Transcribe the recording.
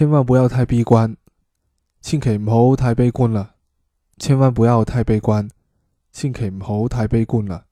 千萬不要太悲觀，千祈唔好太悲觀啦！千萬不要太悲觀，千祈唔好太悲觀啦！